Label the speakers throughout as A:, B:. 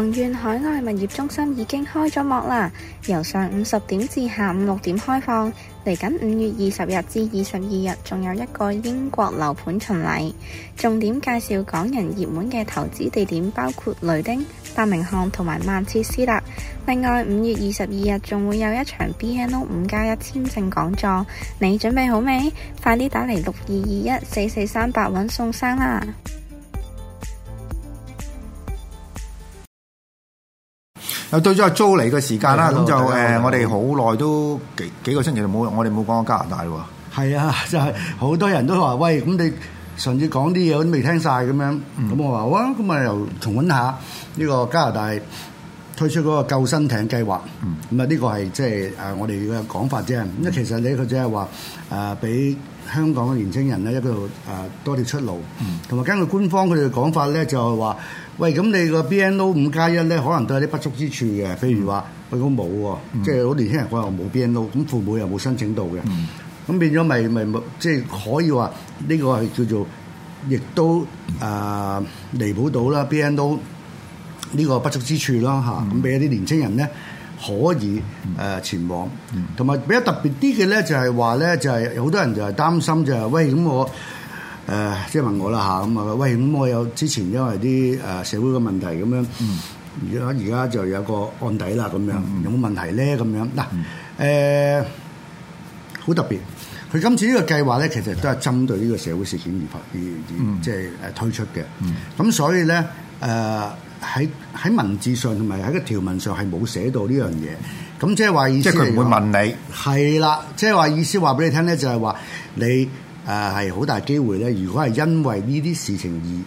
A: 宏願海外物業中心已經開咗幕啦，由上午十點至下午六點開放。嚟緊五月二十日至二十二日，仲有一個英國樓盤巡禮，重點介紹港人熱門嘅投資地點，包括雷丁、伯明翰同埋曼徹斯特。另外5，五月二十二日仲會有一場 BNO 五加一簽證講座，你準備好未？快啲打嚟六二二一四四三八搵宋生啦！又到咗阿 Jo 嚟嘅時間啦，咁就誒、呃，我哋好耐都幾，幾個星期就冇，我哋冇講過加拿大喎，
B: 係啊，就係、是、好多人都話：喂，咁你上次講啲嘢我都未聽晒咁樣。咁我話：哇，咁咪又重溫下呢個加拿大。推出嗰個救生艇計劃，咁啊呢個係即係誒我哋嘅講法啫。咁、嗯、其實你佢只係話誒俾香港嘅年青人咧一個誒多啲出路，同、嗯、埋根據官方佢哋嘅講法咧就係話，喂咁你個 BNO 五加一咧可能都有啲不足之處嘅，譬如話、嗯、我講冇喎，即係好年輕人我又冇 BNO，咁父母又冇申請到嘅，咁、嗯、變咗咪咪即係可以話呢、呢個係叫做亦都誒彌補到啦 BNO。呢、這個不足之處啦嚇，咁、嗯、俾一啲年青人咧可以誒前往，同、嗯、埋比較特別啲嘅咧就係話咧就係有好多人就係擔心就係、嗯、喂咁我誒即係問我啦嚇咁啊喂咁我有之前因為啲誒社會嘅問題咁樣而家而家就有一個案底啦咁樣有冇、嗯、問題咧咁樣嗱誒好特別佢今次呢個計劃咧其實都係針對呢個社會事件而發而而即係誒推出嘅，咁、嗯、所以咧誒。呃喺喺文字上同埋喺個條文上係冇寫到呢樣嘢，咁即係話意思嚟講，即係佢唔會問你係啦，即係話意思話俾你聽咧，就係、是、話你誒係好大機會咧，如果係因為呢啲事情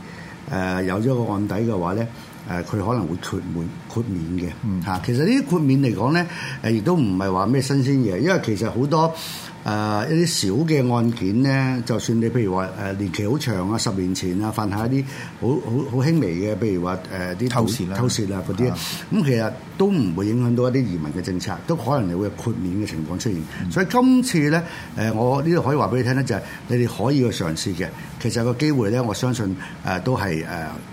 B: 而誒、呃、有咗個案底嘅話咧，誒、呃、佢可能會豁免豁免嘅嚇。嗯、其實呢啲豁免嚟講咧，誒亦都唔係話咩新鮮嘢，因為其實好多。誒、呃、一啲小嘅案件咧，就算你譬如話誒、呃、年期好長啊，十年前啊，犯下一啲好好好輕微嘅，譬如話誒啲偷竊啦、偷竊啦嗰啲，咁其實都唔會影響到一啲移民嘅政策，都可能你會有豁免嘅情況出現。嗯、所以今次咧，誒我呢度可以話俾你聽咧，就係、是、你哋可以去嘗試嘅。其實個機會咧，我相信誒都係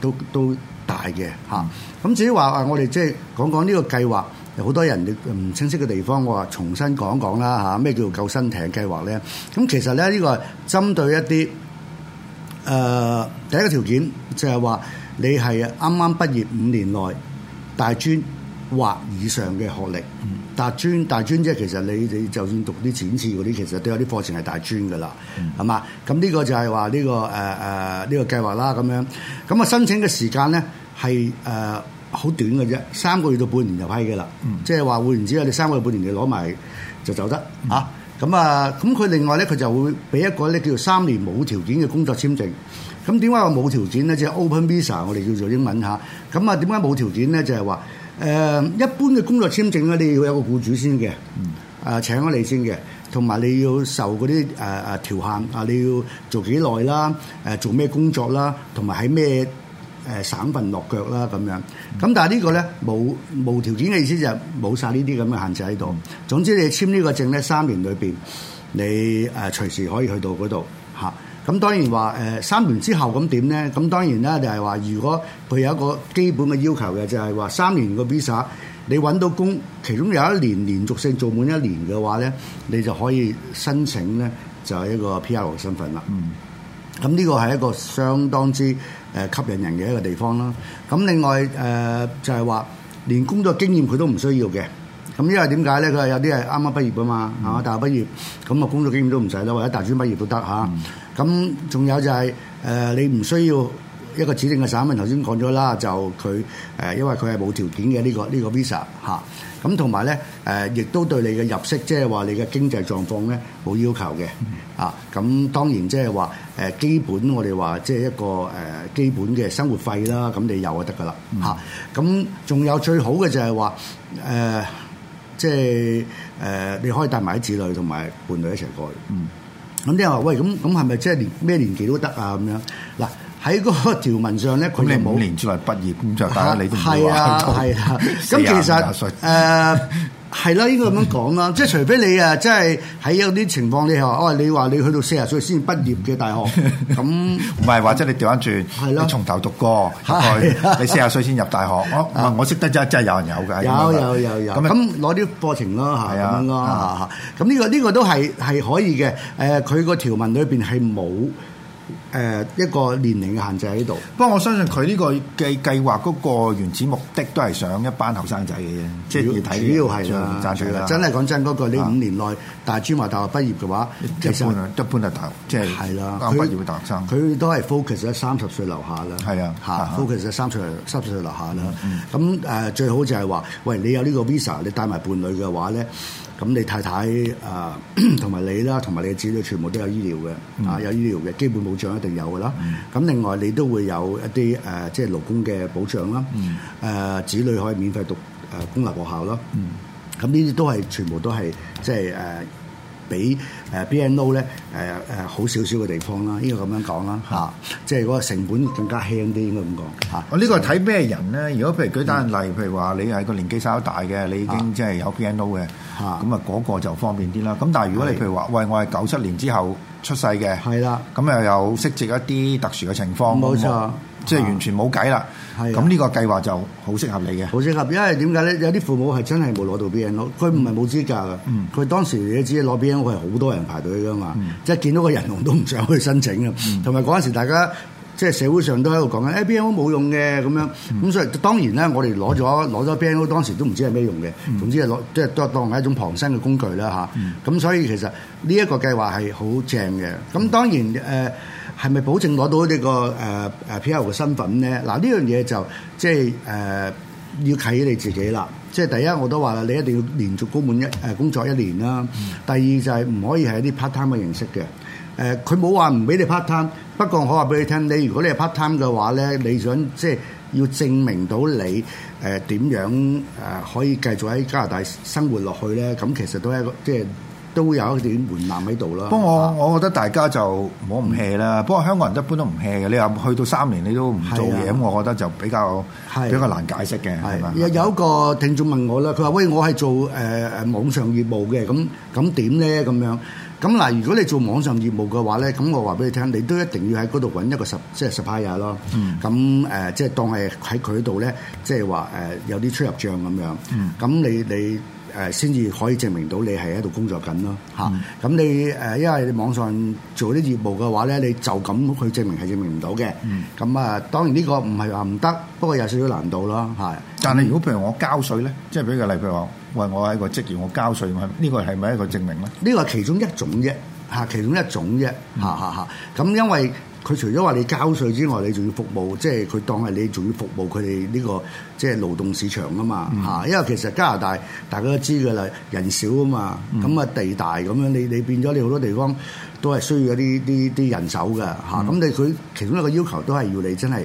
B: 都都大嘅嚇，咁、嗯嗯、至於話啊，我哋即係講講呢個計劃。好多人唔清晰嘅地方，我話重新講講啦嚇。咩叫做救生艇計劃咧？咁其實咧，呢個針對一啲誒、呃、第一個條件就係話你係啱啱畢業五年內大專或以上嘅學歷。嗯、大專大專即係其實你你就算讀啲展設嗰啲，其實都有啲課程係大專噶啦，係、嗯、嘛？咁呢個就係話呢個誒誒呢個計劃啦咁樣。咁啊，申請嘅時間咧係誒。好短嘅啫，三個月到半年就批嘅啦，即係話換言之啊，你三個月半年就攞埋就走得嚇。咁、嗯、啊，咁、啊、佢另外咧，佢就會俾一個咧叫做三年冇條件嘅工作簽證。咁點解話冇條件咧？即係 Open Visa 我哋叫做英文嚇。咁啊，點解冇條件咧？就係話誒一般嘅工作簽證咧，你要有個僱主先嘅，誒、嗯呃、請咗你先嘅，同埋你要受嗰啲誒誒條限啊，你要做幾耐啦，誒、呃、做咩工作啦，同埋喺咩？誒、呃、省份落腳啦咁樣，咁但係呢個咧冇無條件嘅意思就冇晒呢啲咁嘅限制喺度、嗯。總之你簽呢個證咧，三年裏邊你誒、呃、隨時可以去到嗰度嚇。咁、啊、當然話誒、呃、三年之後咁點咧？咁當然啦，就係、是、話，如果佢有一個基本嘅要求嘅，就係話三年個 Visa 你揾到工，其中有一年連續性做滿一年嘅話咧，你就可以申請咧就係一個 PR 身份啦。咁、嗯、呢個係一個相當之。誒吸引人嘅一個地方啦，咁另外誒就係話連工作經驗佢都唔需要嘅，咁因為點解咧？佢係有啲係啱啱畢業㗎嘛，嚇、嗯、大學畢業，咁啊工作經驗都唔使啦，或者大專畢業都得嚇。咁、嗯、仲有就係誒你唔需要一個指定嘅省份，頭先講咗啦，就佢誒因為佢係冇條件嘅呢、這個呢、這個 visa 嚇。咁同埋咧，誒亦都對你嘅入息，即係話你嘅經濟狀況咧，冇要求嘅，啊！咁當然即係話誒基本，我哋話即係一個、呃、基本嘅生活費啦，咁你有就得噶啦，咁、嗯、仲、啊、有最好嘅就係話誒，即係誒你可以帶埋啲子女同埋伴侶一齊過去。嗯。咁啲人話：喂，咁咁係咪即係年咩年紀都得啊？咁樣嗱。啊喺嗰個條文上咧，佢冇年之內畢業工作，咁就睇下你都係啊係啊。咁、啊啊、其實誒係啦，應該咁樣講啦。 即係除非你啊，即係喺有啲情況下、哦，你話你話你去到四十歲先畢業嘅大學，
A: 咁唔係話即係你調翻轉，係咯、啊，你從頭讀過、啊、你四十歲先入大學。啊哦啊、我唔識得真真係有人有嘅，有有有有。咁
B: 攞啲課程咯，係啊，咁呢、啊啊呢個呢、呢個都係係可以
A: 嘅。誒、呃，佢個條文裏邊係冇。誒、呃、一個年齡嘅限制喺度，不過我相信佢呢個計計劃嗰個原始目的都係想一班後、就是、生仔嘅啫，即係主要是是的主要係啦，說真係講真嗰句，呢、那個、五年內大專或大學畢業嘅話
B: 其實，一般的一般啊，大學即係剛畢業嘅大學生，佢都係 focus 喺三十歲樓下
A: 啦，係啊，嚇 focus 喺三十
B: 歲三十歲樓下啦，咁、嗯、誒、呃、最好就係話，喂，你有呢個 visa，你帶埋伴侶嘅話咧。咁你太太啊，同、呃、埋你啦，同埋你嘅子女全部都有醫療嘅、嗯，啊有醫療嘅基本保障一定有嘅啦。咁、嗯、另外你都會有一啲誒、呃，即係勞工嘅保障啦。誒、嗯呃、子女可以免費讀、呃、公立學校啦。咁呢啲都係全部都係即係誒俾。呃誒 B N O 咧，誒好少少嘅地方啦，應該咁樣講啦嚇，即係嗰個成本更
A: 加輕啲，應該咁講嚇。我呢個睇咩人咧？如果譬如舉單例，嗯、譬如話你係個年紀稍大嘅，你已經即係有 B N O 嘅，咁啊嗰個就方便啲啦。咁但係如果你譬如話，喂我係九七年之後出世嘅，係啦，咁又有適應一啲特殊嘅情況，冇錯即係完全冇計啦，咁、啊、呢個計劃就好適合你嘅。好適合，因為點解咧？有啲
B: 父母係真係冇攞到 B N O，佢唔係冇資格嘅。佢、嗯、當時你都知攞 B N O 係好多人排隊噶嘛、嗯，即係見到個人龍都唔想去申請嘅。同埋嗰陣時大家即係社會上都喺度講緊、欸、誒 B N O 冇用嘅咁樣，咁、嗯、所以當然咧，我哋攞咗攞咗 B N O，當時都唔知係咩用嘅、嗯。總之係攞即係當當係一種傍身嘅工具啦嚇。咁、嗯啊、所以其實呢一個計劃係好正嘅。咁當然誒。呃係咪保證攞到呢個誒誒 PR 嘅身份咧？嗱、嗯、呢樣嘢就即係誒要睇你自己啦。即係第一我都話啦，你一定要連續高滿一誒工作一年啦、啊嗯。第二就係唔可以係一啲 part time 嘅形式嘅。誒佢冇話唔俾你 part time，不過我話俾你聽，你如果你係 part time 嘅話咧，你想即係、就是、要證明到你誒點、呃、樣誒、呃、可以繼續喺加拿大生活落去咧，咁其實都係一個即係。就是都會有一點門檻喺度啦。不過
A: 我、啊、我覺得大家就唔好唔 hea 啦。不、嗯、過香港人一般都唔 hea 嘅。你話去到三年你都唔做嘢，咁、啊、我覺得就比較、啊、比較難解釋嘅，係嘛？
B: 有、啊、有一個聽眾問我啦，佢話：喂，我係做誒誒、呃、網上業務嘅，咁咁點咧？咁樣咁嗱，如果你做網上業務嘅話咧，咁我話俾你聽，你都一定要喺嗰度揾一個實即係 supplier 咯。咁誒，即係當係喺佢度咧，即係話誒有啲出入帳咁樣。咁、嗯、你你。你誒先至可以證明到你係喺度工作緊咯，嚇！咁你誒因為你網上做啲業務嘅話咧，你就咁去證明係證明唔到嘅。咁啊，
A: 當然呢個唔係話唔得，不過有少少難度咯，係、嗯。但係如果譬如我交稅咧，即係俾個例，譬如我喂我係一個職業我交稅，呢個係咪一個證明咧？呢個係其中一種啫，
B: 嚇！其中一種啫，嚇嚇嚇！咁因為。佢除咗話你交稅之外，你仲要服務，即係佢當係你仲要服務佢哋呢個即係勞動市場啊嘛嚇、嗯，因為其實加拿大大家都知㗎啦，人少啊嘛，咁、嗯、啊地大咁樣，你你變咗你好多地方都係需要一啲啲啲人手嘅嚇，咁你佢其中一個要求都係要你真係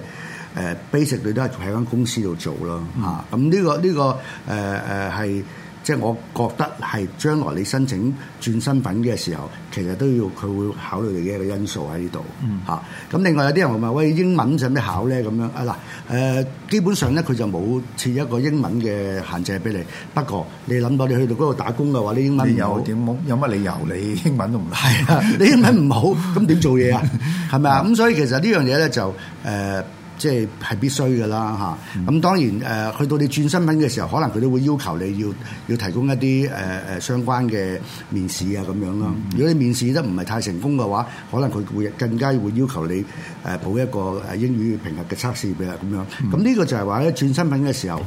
B: 誒 basically，你都係喺間公司度做咯嚇，咁、嗯、呢、呢個呢、呢個誒誒係。呃呃即係我覺得係將來你申請轉身份嘅時候，其實都要佢會考慮你嘅一個因素喺呢度嚇。咁、嗯啊、另外有啲人話：喂，英文使咩考咧？咁樣啊嗱，誒、呃、基本上咧佢就冇設一個英文嘅限制俾你。不過你諗到你去到嗰度打工嘅話，你英文唔好，你有
A: 點有乜理由你英文都唔
B: 係 啊？你英文唔好，咁點做嘢啊？係咪啊？咁、 嗯、所以其實這東西呢樣嘢咧就誒。呃即係係必須嘅啦嚇，咁、嗯、當然誒、呃，去到你轉身份嘅時候，可能佢都會要求你要要提供一啲誒誒相關嘅面試啊咁樣咯、嗯。如果你面試得唔係太成功嘅話，可能佢會更加會要求你誒、呃、補一個誒英語評核嘅測試俾佢咁樣。咁、嗯、呢個就係話咧轉身份嘅時候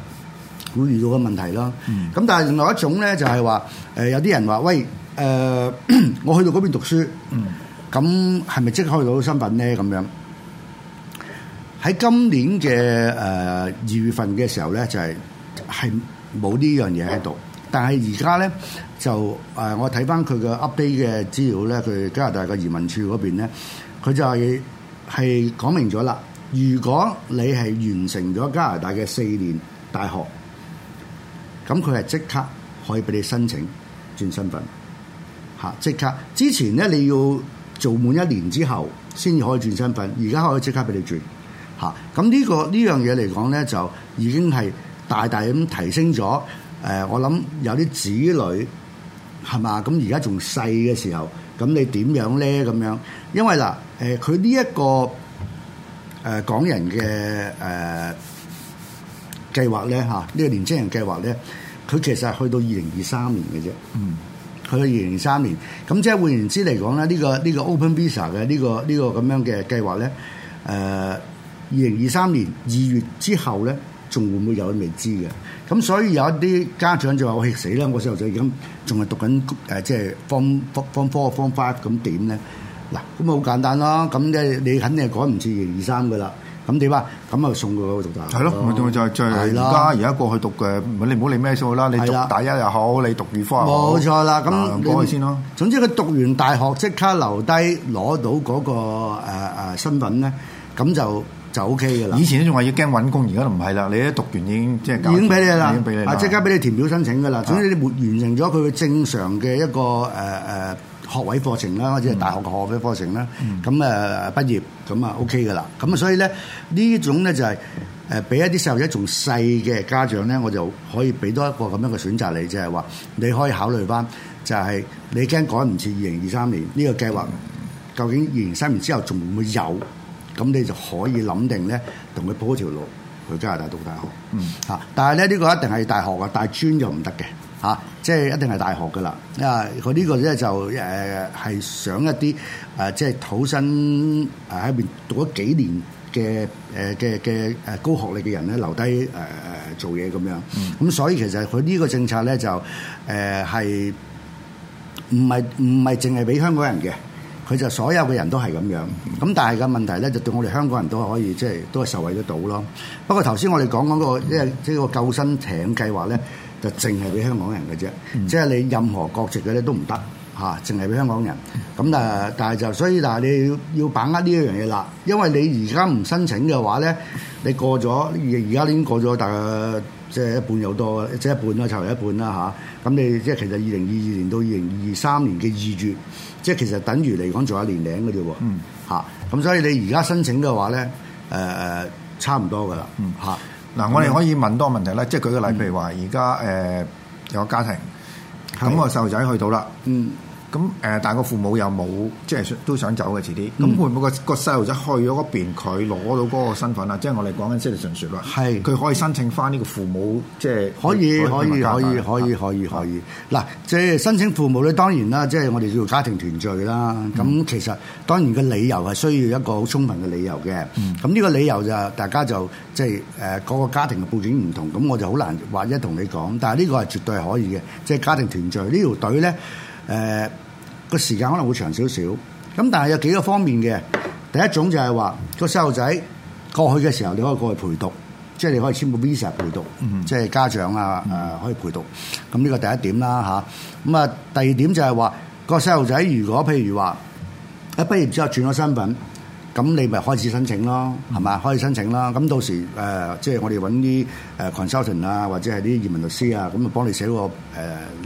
B: 會遇到嘅問題咯。咁、嗯、但係另外一種咧就係話誒有啲人話喂誒、呃、 我去到嗰邊讀書，咁係咪即刻攞到身份咧咁樣？喺今年嘅誒二月份嘅時候咧，就係係冇呢樣嘢喺度。但係而家咧就誒、呃，我睇翻佢嘅 update 嘅資料咧，佢加拿大個移民處嗰邊咧，佢就係係講明咗啦。如果你係完成咗加拿大嘅四年大學，咁佢係即刻可以俾你申請轉身份嚇，即刻之前咧你要做滿一年之後先可以轉身份，而家可以即刻俾你轉。嚇、這個！咁、這個、呢個呢樣嘢嚟講咧，就已經係大大咁提升咗。誒、呃，我諗有啲子女係嘛？咁而家仲細嘅時候，咁你點樣咧？咁樣，因為嗱，誒佢呢一個誒、呃、港人嘅誒、呃、計劃咧，嚇、啊、呢、這個年青人計劃咧，佢其實係去到二零二三年嘅啫。嗯。去到二零二三年，咁即係換言之嚟講咧，呢、這個呢、這個 Open Visa 嘅呢、這個呢、這個咁樣嘅計劃咧，誒、呃。二零二三年二月之後咧，仲會唔會有都未知嘅。咁所以有一啲家長就話：我 h 死啦！我細路仔而家仲係讀緊誒，即、呃、係方方方 four 方 five 咁點咧？嗱，咁啊好簡單咯。咁即係你肯定係趕唔住二零二三噶啦。咁
A: 點啊？咁啊送佢去讀大學。係咯，我仲要就而家而家過去讀嘅，你唔好理咩數啦。你讀大一又好，好，你讀二科又好，冇錯啦。咁唔該先咯。總之佢讀完大學
B: 即刻留低攞到嗰、嗰個誒、呃呃、身份咧，咁就。就 OK
A: 噶啦。以前仲話要驚揾工，而家都唔係啦。你一讀完已經即係已經俾你啦，俾你啦。即刻俾你填
B: 表申請噶啦。總之你沒完成咗佢正常嘅一個誒誒學位課程啦、嗯，或者係大學嘅學位課程啦。咁、嗯、誒畢業咁啊 OK 噶啦。咁啊、嗯、所以咧呢呢種咧就係誒俾一啲細路仔仲細嘅家長咧，我就可以俾多一個咁樣嘅選擇你，就係、是、話你可以考慮翻就係你驚趕唔切二零二三年呢、呢個計劃，究竟二零二三年之後仲會唔會有？咁你就可以諗定咧，同佢鋪一條路去加拿大讀大學。嚇、嗯，但係咧呢個一定係大學㗎，大專就唔得嘅。嚇，即係一定係大學㗎啦。啊，佢呢個咧就誒係想一啲誒即係土生誒喺邊讀咗幾年嘅誒嘅嘅誒高學歷嘅人咧留低誒誒做嘢咁樣。咁、嗯、所以其實佢呢個政策咧就誒係唔係唔係淨係俾香港人嘅。佢就所有嘅人都係咁樣，咁但係嘅問題咧，就對我哋香港人都可以即係、即係、都係受惠得到咯。不過頭先我哋講講個即係即係個救生艇計劃咧，就淨係俾香港人嘅啫，即、嗯、係你任何國籍嘅咧都唔得嚇，淨係俾香港人。咁啊，但係就所以，但係你要要把握呢一樣嘢啦，因為你而家唔申請嘅話咧，你過咗而家已經過咗大概即係、即係、一半有多，即、就、係、係、一半啦、啊，差唔多一半啦吓，咁你即係其實二零二二年到二零二三年嘅二月。即係其實等於嚟講做下年齡嘅啫喎，嚇、嗯、咁所以你而家申請嘅話咧，誒、呃、誒
A: 差唔多噶啦，嚇、嗯、嗱、嗯、我哋可以問多個問題咧，即、就、係、是、舉個例，譬、嗯、如話而家誒有個家庭，咁、那個細路仔去到啦。嗯咁誒，但係個父母又冇，即係都想走嘅遲啲。咁、嗯、會唔會個個細路仔去咗嗰邊，佢攞到嗰個身份啊、嗯？即係我哋講緊即係純説話，係佢可以申請翻呢個父母，即係可以，可以，可以，可
B: 以，可以，可以。嗱，即係、嗯就是、申請父母咧，當然啦，即、就、係、是、我哋叫做家庭團聚啦。咁、嗯、其實當然個理由係需要一個好充分嘅理由嘅。咁、嗯、呢個理由就是、大家就即係誒，嗰、就、個、是呃、家庭嘅背景唔同，咁我就好難，話一同你講。但係呢個係絕對係可以嘅，即、就、係、是、家庭團聚、這個、呢條隊咧，誒、呃。個時間可能會長少少，咁但係有幾個方面嘅。第一種就係話個細路仔過去嘅時候，你可以過去陪讀，即係你可以簽個 Visa 陪讀，即係、嗯、家長啊、嗯、可以陪讀。咁呢個第一點啦。咁啊第二點就係話個細路仔如果譬如話一畢業之後轉咗身份。咁你咪開始申請咯，係、嗯、嘛？開始申請啦。咁到時即係、呃就是、我哋揾啲 consultant 啊，或者係啲移民律師啊，咁啊幫你寫個靚、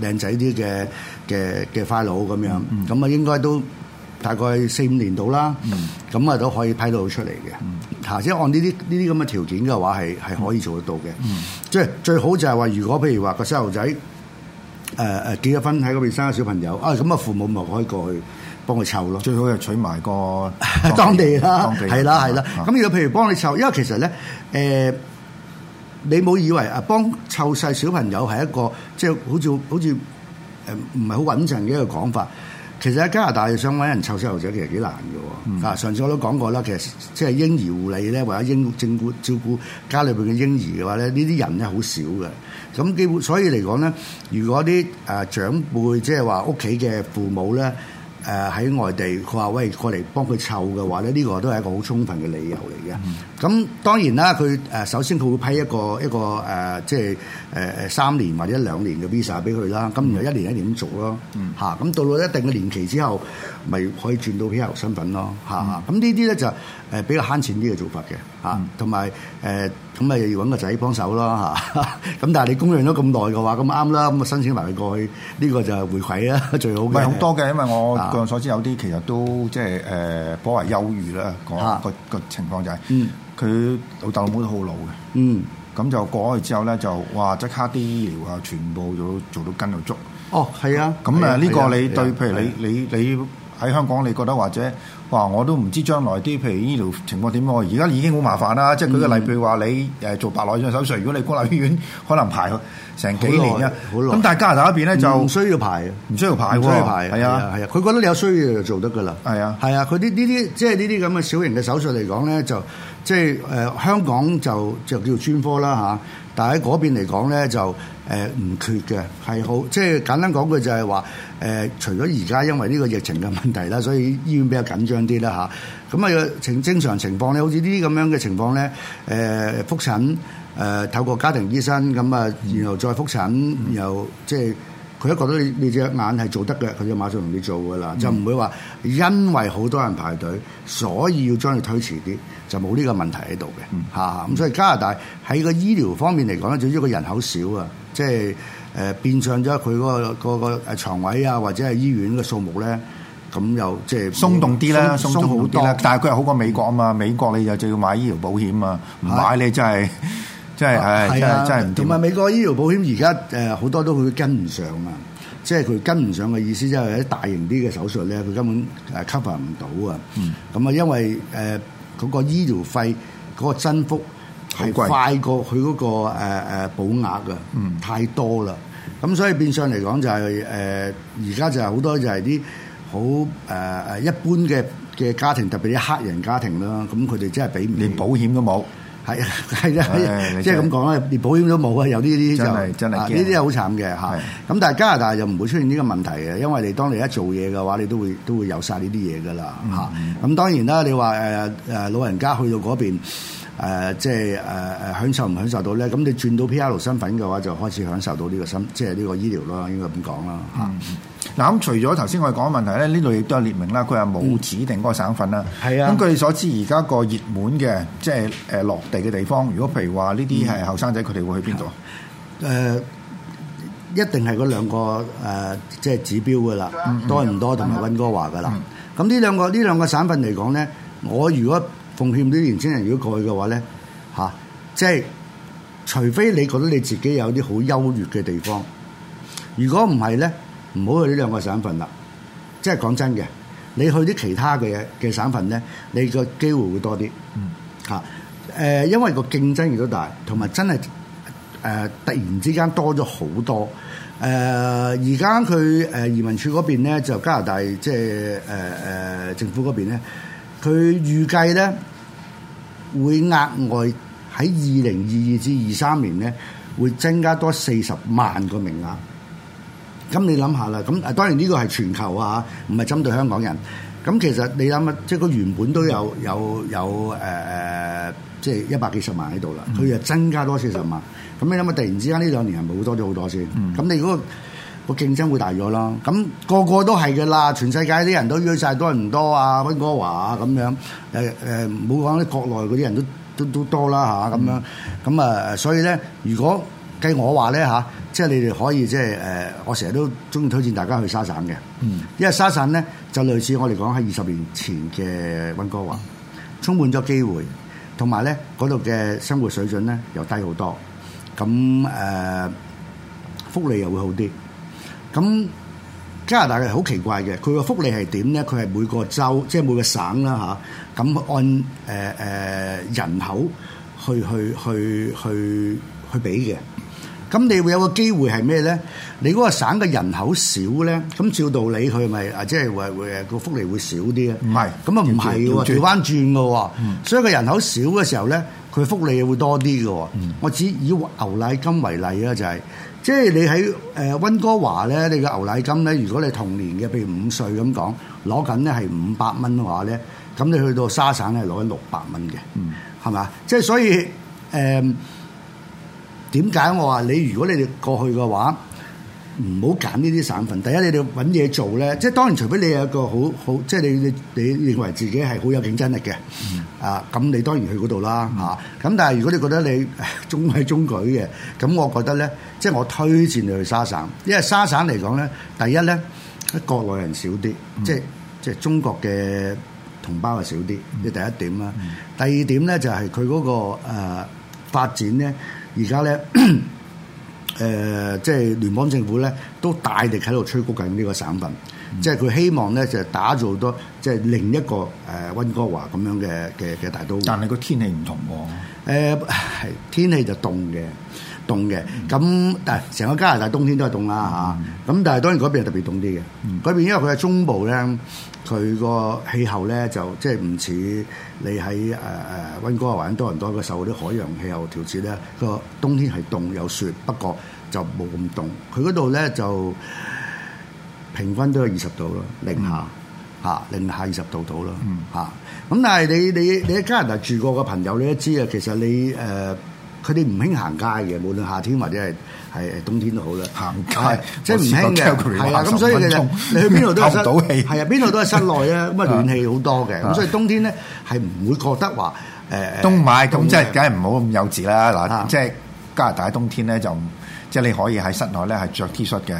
B: 呃、仔啲嘅嘅嘅 file 咁樣。咁、嗯、啊應該都大概四五年到啦。咁、嗯、啊都可以批到出嚟嘅。嚇、嗯！即、啊、係、就是、按呢啲呢啲咁嘅條件嘅話，係係可以做得到嘅。即、嗯、係、就是、最好就係話，如果譬如話個細路仔誒誒結咗婚喺嗰邊生咗小朋友，啊咁啊父母咪可以過去。幫佢湊咯，最好就取埋個當地啦，係啦係啦。咁如果譬如幫你湊，因為其實咧誒、呃，你冇以為啊幫湊細小朋友係一個即係、就是、好似好似誒唔係好穩陣嘅一個講法。其實喺加拿大想揾人湊細路仔其實幾難㗎。嗱、嗯，上次我都講過啦，其實即係嬰兒護理咧，或者嬰照顧照顧家裏邊嘅嬰兒嘅話咧，呢啲人咧好少嘅。咁基本所以嚟講咧，如果啲誒長輩即係話屋企嘅父母咧。誒、呃，喺外地，佢話：「喂，過嚟幫佢湊嘅話咧，呢個都係一個好充分嘅理由嚟嘅。」嗯。咁當然啦，佢誒首先佢會批一個一個誒、呃，即係誒、呃、三年或者一兩年嘅 visa 俾佢啦。咁、嗯、然後一年一年咁做咯，嚇、嗯。咁到到一定嘅年期之後，咪可以轉到 PR 身份咯，咁、嗯、呢啲咧就比較慳錢啲嘅做法嘅，嚇、嗯。同埋誒咁咪要搵個仔幫手咯，嚇。咁但係你供養咗咁耐嘅話，咁啱啦，咁啊申請埋佢過去，呢、呢個就係回饋啦，最好嘅。唔係好多嘅，因為我據、啊、我
A: 所知有啲其實都即係誒頗為優裕啦，就是呃那個啊那個情況就係、是。嗯佢老豆老母都好老嘅，嗯，咁就過咗去之後咧，就哇即刻啲醫療啊，全部做做到跟到足。哦，係啊，咁啊呢、呢個你對，啊啊、譬如你、啊、你你喺香港，你覺得或者哇，我都唔知將來啲譬如醫療情況點樣。而家已經好麻煩啦，即係舉個例，譬如話你誒做白內障手術，如果你公立醫院可能排成幾年啊，好耐咁，但係加拿大一邊咧就唔、嗯、需
B: 要排，唔需
A: 要排喎，唔需要排。係啊
B: 係啊，佢、啊啊啊、覺得你有需要就做得㗎啦。係啊係啊，佢啲呢啲即係呢啲咁嘅小型嘅手術嚟講咧就。即係誒、呃、香港就就叫專科啦嚇，但係喺嗰邊嚟講咧就誒唔、呃、缺嘅，係好即係簡單講句就係話誒，除咗而家因為呢個疫情嘅問題啦，所以醫院比較緊張啲啦吓，咁啊情正、正常情況咧，好似呢啲咁樣嘅情況咧，誒、呃、復診誒、呃、透過家庭醫生咁啊，然後再復診、嗯，然後即係。佢一覺得你你隻眼係做得嘅，佢就馬上同你做嘅啦，嗯、就唔會話因為好多人排隊，所以要將你推遲啲，就冇呢個問題喺度嘅嚇。咁、嗯、所以加拿大喺個醫療方面嚟講咧，最主要個人口少啊，即係
A: 誒變相咗佢嗰個嗰個牀位啊，或者係醫院嘅數目咧，咁又即係鬆動啲啦，鬆好多。但係佢又好過美國啊嘛，美國你就就要買醫療保險啊，唔買你真、就、係、是。 即係係、啊啊，真係真係唔掂。同埋美國醫療保險而家誒好
B: 多都佢跟唔上啊！即係佢跟唔上嘅意思，即係啲大型啲嘅手術咧，佢根本誒 cover 唔到啊！咁啊，因為誒嗰、呃嗰個醫療費嗰、嗰個增幅
A: 係快
B: 過佢嗰個誒保、呃、額啊！太多啦，咁、嗯、所以變相嚟講就係誒而家就係好多就係啲好誒誒一般嘅嘅家庭，特別啲黑人家庭啦，咁佢哋真係俾唔。連保險都冇。係 啊，係、哎、啊，係、就是，即係咁講咧，連保險都冇啊，有呢啲就，呢啲係好慘嘅嚇。咁但係加拿大就唔會出現呢個問題嘅，因為你當你一做嘢嘅話，你都會都會有晒呢啲嘢㗎啦嚇。咁、嗯嗯、當然啦，你話誒誒老人家去到嗰邊。誒即係誒享受唔享受到咧？咁你轉到 PR 身份嘅話，就開始享受到呢個身
A: 即係呢個醫療啦，應該咁講啦。嗱、嗯，咁、嗯、除咗頭先我哋講嘅問題咧，呢度亦都有列明啦。佢係冇指定嗰個省份啦。係、嗯、啊。咁據你所知，而家個熱門嘅即係落地嘅地方，如果譬如話呢啲係後生仔，佢、嗯、哋會去邊度？
B: 誒、呃，一定係嗰兩個即係、呃就是、指標㗎啦、嗯嗯，多唔多同埋溫哥華㗎啦。咁、嗯、呢、嗯、兩個呢兩個省份嚟講咧，我如果奉獻啲年青人，如果過去嘅話咧，嚇，即係除非你覺得你自己有啲好優越嘅地方，如果唔係咧，唔好去呢兩個省份啦。即係講真嘅，你去啲其他嘅嘅省份咧，你個機會會多啲。嗯，嚇，因為個競爭亦都大，同埋真係誒突然之間多咗好多。誒，而家佢誒移民處嗰邊咧，就加拿大即係誒誒政府嗰邊咧，佢預計咧。會額外喺二零二二至二三年咧，會增加多四十萬個名額。咁你諗下啦，咁啊當然呢個係全球啊，唔係針對香港人。咁其實你諗下，即係佢原本都有有有誒，即、呃、係、就是、一百幾十萬喺度啦。佢又增加多四十萬。咁你諗下，突然之間呢兩年係咪好多咗好多先？咁、嗯、你如果個競爭會大咗啦，咁、那個個都係嘅啦，全世界啲人都要晒多人唔多啊，溫哥華啊咁樣，誒、呃、誒，唔好講啲國內嗰啲人都都都多啦嚇咁樣，咁、嗯、啊、嗯，所以咧，如果計我話咧嚇，即係你哋可以即係誒、呃，我成日都中意推薦大家去沙省嘅、嗯，因為沙省咧就類似我哋講喺二十年前嘅溫哥華，嗯、充滿咗機會，同埋咧嗰度嘅生活水準咧又低好多，咁誒、呃、福利又會好啲。咁加拿大嘅好奇怪嘅，佢個福利係點咧？佢係每個州，即係每個省啦吓，咁按、呃呃、人口去去去去去俾嘅。咁你會有個機會係咩咧？你嗰個省嘅人口少咧，咁照道理佢咪啊，即係會會個福利會少啲唔係，咁啊唔係嘅喎，調、嗯、翻轉㗎喎、嗯。所以個人口少嘅時候咧，佢福利會多啲嘅、嗯。我只以牛奶金為例啊，就係、是。即係你喺誒溫哥華咧，你嘅牛奶金咧，如果你童年嘅，譬如五歲咁講，攞緊咧係五百蚊嘅話咧，咁你去到沙省咧攞緊六百蚊嘅，嗯，係咪啊？即係所以誒，點解、呃、我話你如果你哋過去嘅話？唔好揀呢啲省份。第一，你哋揾嘢做咧，即係當然，除非你有一個好好，即係你你你認為自己係好有競爭力嘅、嗯，啊，咁你當然去嗰度啦，嚇、嗯。咁但係如果你覺得你中規中矩嘅，咁我覺得咧，即係我推薦你去沙省，因為沙省嚟講咧，第一咧國內人少啲、嗯，即係即係中國嘅同胞係少啲，呢第一點啦、嗯嗯。第二點咧就係佢嗰個誒發展咧，而家咧。 誒、呃，即係聯邦政府咧，都大力喺度催谷緊呢個省份，嗯、即係佢希望咧就打造多即係另一個誒溫哥華咁樣嘅嘅嘅大都會，但係個天氣唔同喎、哦呃。誒天氣就凍嘅，凍嘅。咁但係成個加拿大冬天都係凍啦嚇。咁、嗯啊、但係當然嗰邊係特別凍啲嘅。嗰、嗯、邊因為佢係中部咧。佢個氣候咧就即係唔似你喺誒誒溫哥華或者多倫多嗰啲受啲海洋氣候調節咧，個冬天係凍有雪，不過就冇咁凍。佢嗰度咧就平均都有二十度啦，零下嚇、嗯，零下二十度到啦嚇。咁、嗯、但係你你你喺加拿大住過嘅朋友，你都知啊，其實你誒。呃佢哋唔興行街嘅，無論夏天或者係係冬天都好啦。行街即係唔興嘅，係啊，咁、嗯、所以其實。你去邊度都係室，吸到氣係啊，邊度都係室內
A: 啊，咁 啊暖氣好多嘅。咁所以冬天咧係唔會覺得話誒、呃。冬唔係，咁即係梗係唔好咁幼稚啦。嗱，即係加拿大冬天咧就。即係你可以喺室內咧，係着 T 恤嘅。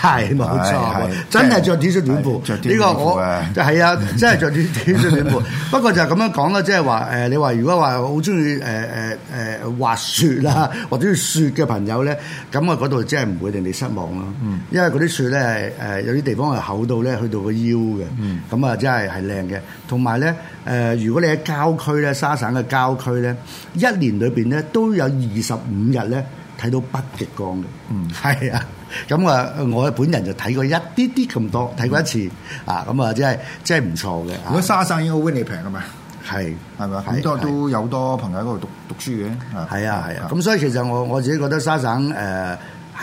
A: 係冇錯，
B: 真係着 T 恤短褲。呢 T，係係 T、呢個、我，短褲啊！係啊，真係着 T 恤短褲。 不過就係咁樣講啦，即係話誒，你話如果話好中意誒誒誒滑雪啦，或者雪嘅朋友咧，咁啊嗰度真係唔會令你失望咯、嗯。因為嗰啲雪咧係有啲地方係厚到咧去到個腰嘅。嗯，咁啊真係係靚嘅。同埋咧誒，如果你喺郊區咧，沙省嘅郊區咧，一年裏邊咧都有二十五日咧。睇到北極光嘅，嗯，係啊，咁啊，我本人就睇過一啲啲咁多，睇過一次，嗯、啊，咁啊，真係真係唔錯嘅。如果沙省應該畀你平啊嘛，係係咪？好多都有多朋友喺嗰度讀讀書嘅，係啊係啊，咁、啊啊啊啊、所以其實我我自己覺得沙省誒係、呃、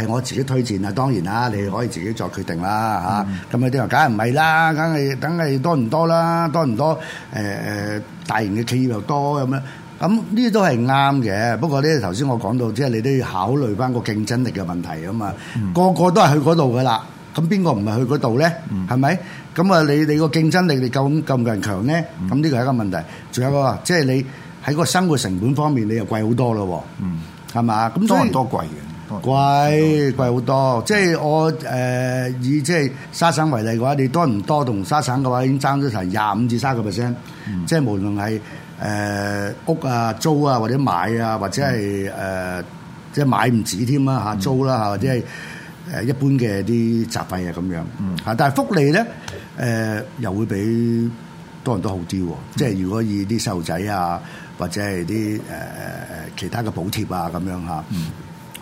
B: 我自己推薦啊，當然啦，你可以自己作決定啦嚇。咁有啲人梗係唔係啦，梗係梗係多唔多啦，多唔多？誒、呃、誒，大型嘅企業又多咁樣。咁呢啲都係啱嘅，不過咧頭先我講到，即係你都要考慮翻個競爭力嘅問題啊嘛。個個都係去嗰度嘅啦，咁邊個唔係去嗰度咧？係咪？咁啊，你你個競爭力你夠夠唔夠人強咧？咁呢個係一個問題。仲有個即係你喺個生活成本方面，你又貴好多咯。嗯，係嘛？咁多人多貴嘅，貴貴好多。即係我誒以即係沙省為例嘅話，你多人多同沙省嘅話已經爭咗成廿五至三個 percent。即係無論係。誒、呃、屋啊租啊或者買啊或者係誒即係買唔止添啦，嚇租啦，啊、嚇或者係誒一般嘅啲雜費啊咁樣嚇，但係福利咧誒、呃、又會比多人都好啲喎，即係如果以啲細路仔啊或者係啲誒誒誒其他嘅補貼啊咁樣嚇，咁、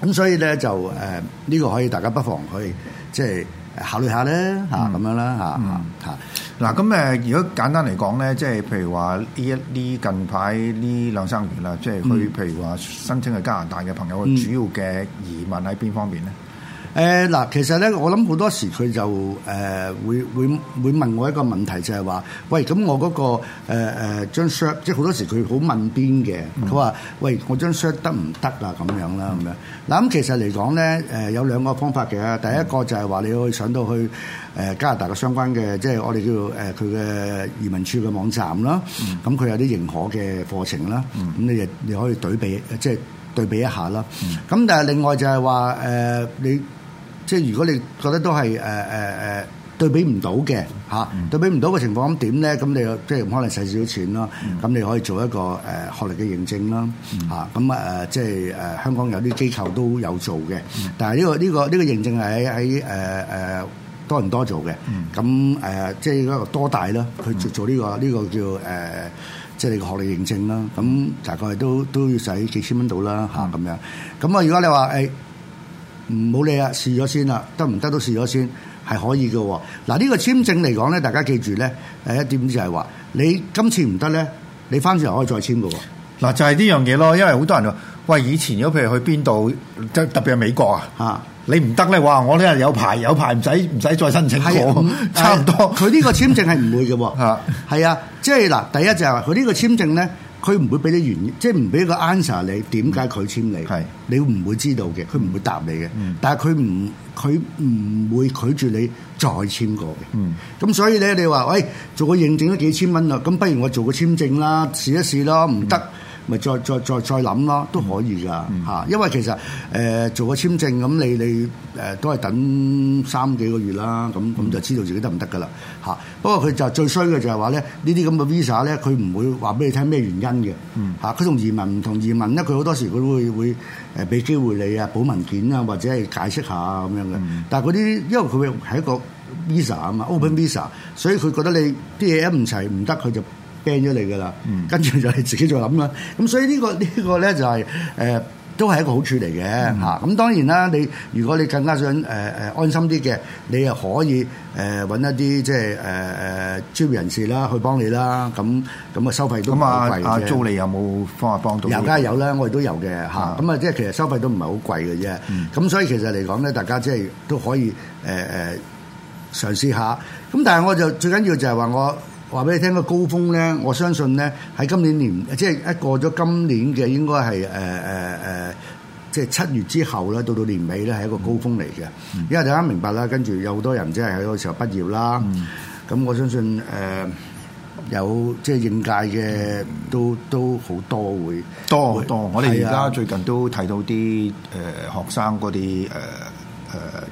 B: 嗯、所以咧就誒呢、呃呢個可以大家
A: 不妨去即係考慮下咧嚇，咁樣啦嚇嚇。嗯嗯。嗱咁誒，如果簡單嚟講呢，即係譬如話呢一啲近排呢兩三年啦，即係佢譬如話申請去加拿大嘅朋友，主要嘅疑問喺邊方面呢？誒嗱，其實咧，我諗好多時佢就誒、呃、會會會問我一個問題，就係
B: 話，喂，咁我嗰、那個誒誒、呃、張 ship，即係好多時佢好問邊嘅，佢、嗯、話，喂，我張 ship 得唔得啊？咁樣啦，咁樣。嗱、嗯、咁其實嚟講咧，誒、呃、有兩個方法嘅，第一個就係話你可以上到去誒加拿大嘅相關嘅，即、就、係、是、我哋叫做誒佢嘅移民處嘅網站啦。咁、嗯、佢有啲認可嘅課程啦。咁你亦你可以對比，即、就、係、是、對比一下啦。咁、嗯、但係另外就係話誒你。即係如果你覺得都係誒誒誒對比唔到嘅嚇，對比唔到嘅情況咁點咧？咁你即係唔可能使少少錢咯。咁你可以做一個誒學歷嘅認證啦嚇。咁啊誒即係誒香港有啲機構都有做嘅。但係呢個呢個呢個認證係喺喺誒誒多唔多做嘅？咁誒即係一個多大咯？佢做做呢個呢個叫誒即係你個學歷認證啦。咁大概都都要使幾千蚊到啦嚇咁樣。咁啊，如果你話誒。唔好理啊，試咗先啦，得唔得都試咗先，係可以嘅喎。嗱、這、呢個簽證嚟講咧，大家記住咧，
A: 第一點就係話，你今次唔得咧，你翻次又可以再簽嘅喎。嗱就係、是、呢樣嘢咯，因為好多人話，喂以前如果譬如去邊度，即特別係美國啊嚇，你唔得咧話，我呢日有排，有排唔使唔使再申請過，差唔多。佢呢個簽證係唔會嘅
B: 喎。係啊，即係嗱，第一就係佢呢個簽證咧。佢唔會俾你原因，即係唔俾個 answer 你點解拒簽你，你唔會知道嘅，佢唔會答你嘅、嗯。但係佢唔佢唔會拒絕你再簽過嘅。咁、嗯、所以咧，你話喂做個認證都幾千蚊啦，咁不如我做個簽證啦，試一試咯，唔得。嗯咪再再再再諗囉，都可以㗎嚇、嗯。因為其實誒、呃、做個簽證咁，你你誒、呃、都係等三幾個月啦。咁咁、嗯、就知道自己得唔得㗎啦嚇。不過佢就最衰嘅就係話咧，呢啲咁嘅 visa 咧，佢唔會話俾你聽咩原因嘅嚇。佢、嗯、同移民唔同，移民咧佢好多時佢會會誒俾機會你啊補文件啊，或者係解釋下啊咁樣嘅、嗯。但係嗰啲因為佢係一個 visa 啊嘛，open visa，所以佢覺得你啲嘢一唔齊唔得，佢就。ban 咗你噶啦，跟住就你自己再諗啦。咁所以呢、這個呢、這個咧就係、是、誒、呃、都係一個好處嚟嘅嚇。咁、嗯、當然啦，你如果你更加想誒誒、呃、安心啲嘅，你又可以誒揾、呃、一啲即係誒誒專業人士啦去幫你啦。咁咁嘅收費都唔貴啫。咁啊，阿阿、啊啊啊啊、租你
A: 有冇方法幫到？有，梗係有
B: 啦，我哋都有嘅嚇。咁啊，即係其實收費都唔係好貴嘅啫。咁、嗯、所以其實嚟講咧，大家即、就、係、是、都可以誒誒、呃、嘗試下。咁但係我就最緊要就係話我。話俾你聽、個高峰咧，我相信咧喺今年年即係一過咗今年嘅，應該係誒誒誒，即係七月之後咧，到到年尾咧係一個高峰嚟嘅，嗯，因為大家明白啦。跟住有好多人即係喺嗰時候畢業啦，咁、嗯、我相信誒、呃、有即係應屆嘅都都好多會多好
A: 多。我哋而家最近都睇到啲誒、呃、學生嗰啲誒。呃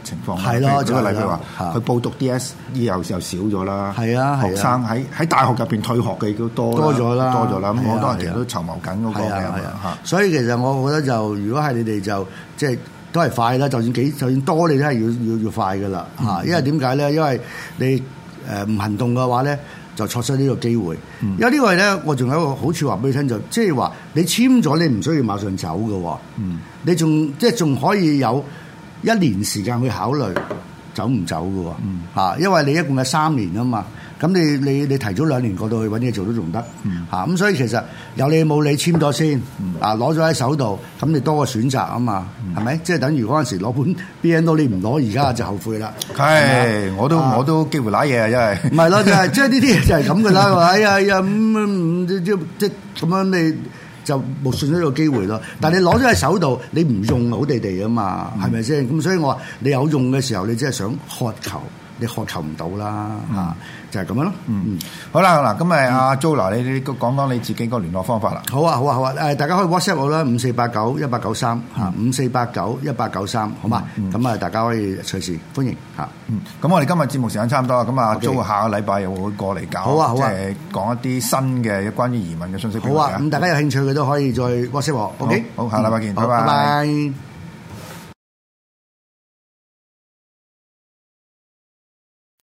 A: 誒，情況係啦。即係例如話，佢報讀 DSE 有時候少咗啦。係啊，學生喺喺大學入邊退學嘅亦都多多咗啦，多咗啦。咁好多，多，多人其實都籌謀緊個係啊，係
B: 所以其實我覺得就，如果係你哋就，即係都係快啦。就算幾，就算多，你都係要要要快噶啦。吓、嗯，因為點解咧？因為你誒唔行動嘅話咧，就錯失呢個機會、嗯。因為呢個咧，我仲有一個好處話俾你聽，就即係話你簽咗，你唔需要馬上走噶。嗯，你仲即係仲可以有。一年時間去考慮走唔走嘅喎、啊，因為你一共有三年啊嘛，咁你你你提早兩年過到去揾嘢做都仲得，嚇、嗯，咁、啊、所以其實有理冇理簽咗先，啊攞咗喺手度，咁你多個選擇啊嘛，係、嗯、咪？即係等於嗰陣時攞本 BNO 你唔攞，
A: 而家就後悔啦。係、哎，我都、啊、我都機會揦嘢啊，因為唔係咯，就係即係呢啲嘢就係咁嘅啦。哎
B: 呀呀，咁即即即咁樣你。就冇算咗一個機會咯，但係你攞咗喺手度，你唔用好地地啊嘛，係咪先？咁所以我話你有用嘅時候，你真係想渴求，你渴求唔到啦吓。就係、是、咁樣咯，嗯嗯，好啦嗱，今阿 Joe 你你講講你自己個聯絡方法啦。好啊好啊好啊，大家可以 WhatsApp 我啦，五四八九一八九三五四八九一八九三，好嘛，咁、嗯、啊大家可以
A: 隨時歡迎嚇。咁、嗯嗯、我哋今日節目時間差唔多啦，咁啊、okay，阿 Joe 下個禮拜又會過嚟搞，即係講一啲新嘅關於移民嘅信息好、啊。好啊，咁大家
B: 有興趣嘅都可以再 WhatsApp 我。好啊、OK，好，好下禮拜見，拜拜。